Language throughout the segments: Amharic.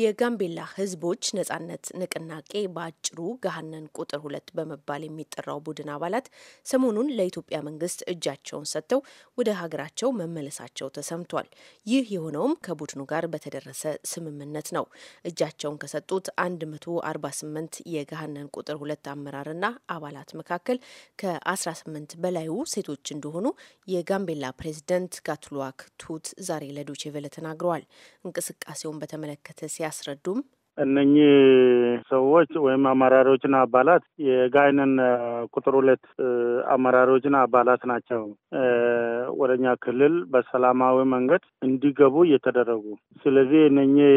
የጋምቤላ ህዝቦች ነጻነት ንቅናቄ በአጭሩ ገሀነን ቁጥር ሁለት በመባል የሚጠራው ቡድን አባላት ሰሞኑን ለኢትዮጵያ መንግስት እጃቸውን ሰጥተው ወደ ሀገራቸው መመለሳቸው ተሰምቷል። ይህ የሆነውም ከቡድኑ ጋር በተደረሰ ስምምነት ነው። እጃቸውን ከሰጡት 148 የገሀነን ቁጥር ሁለት አመራርና አባላት መካከል ከ18 በላዩ ሴቶች እንደሆኑ የጋምቤላ ፕሬዚደንት ጋትሉዋክ ቱት ዛሬ ለዶቼ ቬለ ተናግረዋል። እንቅስቃሴውን በተመለከተ ሲያስረዱም እነኚህ ሰዎች ወይም አመራሪዎችና አባላት የጋይንን ቁጥር ሁለት አመራሪዎችና አባላት ናቸው። ወደኛ ክልል በሰላማዊ መንገድ እንዲገቡ እየተደረጉ ስለዚህ እነኚህ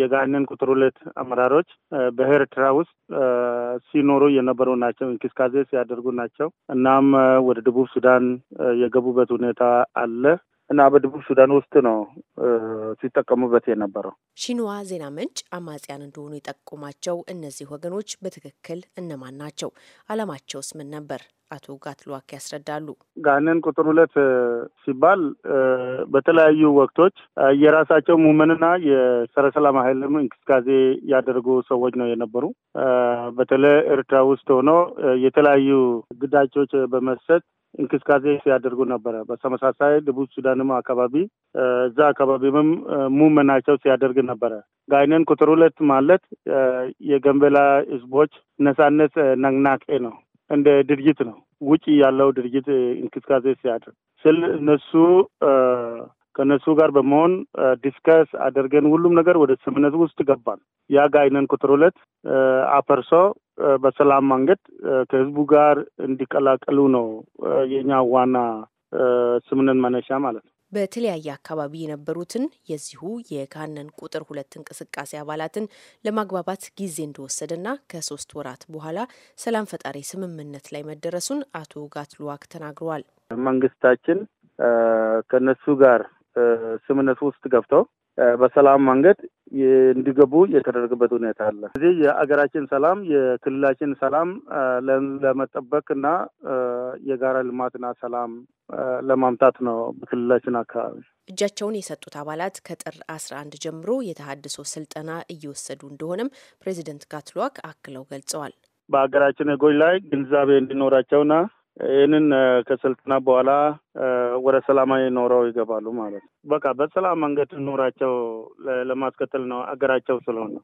የጋይንን ቁጥር ሁለት አመራሮች በኤርትራ ውስጥ ሲኖሩ የነበሩ ናቸው፣ እንቅስቃሴ ሲያደርጉ ናቸው። እናም ወደ ደቡብ ሱዳን የገቡበት ሁኔታ አለ። እና በደቡብ ሱዳን ውስጥ ነው ሲጠቀሙበት የነበረው። ሺንዋ ዜና ምንጭ አማጽያን እንደሆኑ የጠቆማቸው እነዚህ ወገኖች በትክክል እነማን ናቸው? አላማቸውስ ምን ነበር? አቶ ጋትሉዋክ ያስረዳሉ። ጋንን ቁጥር ሁለት ሲባል በተለያዩ ወቅቶች የራሳቸው ሙመንና የሰረ ሰላም ሀይል እንቅስቃሴ ያደረጉ ሰዎች ነው የነበሩ። በተለይ ኤርትራ ውስጥ ሆኖ የተለያዩ ግዳጆች በመስጠት እንቅስቃሴ ሲያደርጉ ነበረ። በተመሳሳይ ደቡብ ሱዳንም አካባቢ እዛ አካባቢምም ሙመናቸው ሲያደርግ ነበረ። ጋይነን ቁጥር ሁለት ማለት የገንበላ ህዝቦች ነጻነት ነቅናቄ ነው። እንደ ድርጅት ነው ውጭ ያለው ድርጅት እንቅስቃሴ ሲያደርግ ስል እነሱ ከእነሱ ጋር በመሆን ዲስከስ አድርገን ሁሉም ነገር ወደ ስምምነት ውስጥ ገባን። ያ ጋይነን ቁጥር ሁለት አፈርሶ በሰላም መንገድ ከህዝቡ ጋር እንዲቀላቀሉ ነው የኛ ዋና ስምምነት መነሻ ማለት ነው። በተለያየ አካባቢ የነበሩትን የዚሁ የጋነን ቁጥር ሁለት እንቅስቃሴ አባላትን ለማግባባት ጊዜ እንደወሰደና ከሶስት ወራት በኋላ ሰላም ፈጣሪ ስምምነት ላይ መደረሱን አቶ ጋትሉዋክ ተናግረዋል። መንግስታችን ከነሱ ጋር ስምነት ውስጥ ገብተው በሰላም መንገድ እንዲገቡ የተደረገበት ሁኔታ አለ። እዚህ የአገራችን ሰላም የክልላችን ሰላም ለመጠበቅ እና የጋራ ልማትና ሰላም ለማምጣት ነው በክልላችን አካባቢ። እጃቸውን የሰጡት አባላት ከጥር 11 ጀምሮ የተሃድሶ ስልጠና እየወሰዱ እንደሆነም ፕሬዚደንት ጋትሉዋክ አክለው ገልጸዋል። በሀገራችን ህጎች ላይ ግንዛቤ እንዲኖራቸውና ይህንን ከስልጠና በኋላ ወደ ሰላማዊ ኖረው ይገባሉ ማለት ነው። በቃ በሰላም መንገድ ኑራቸው ለማስከተል ነው አገራቸው ስለሆነ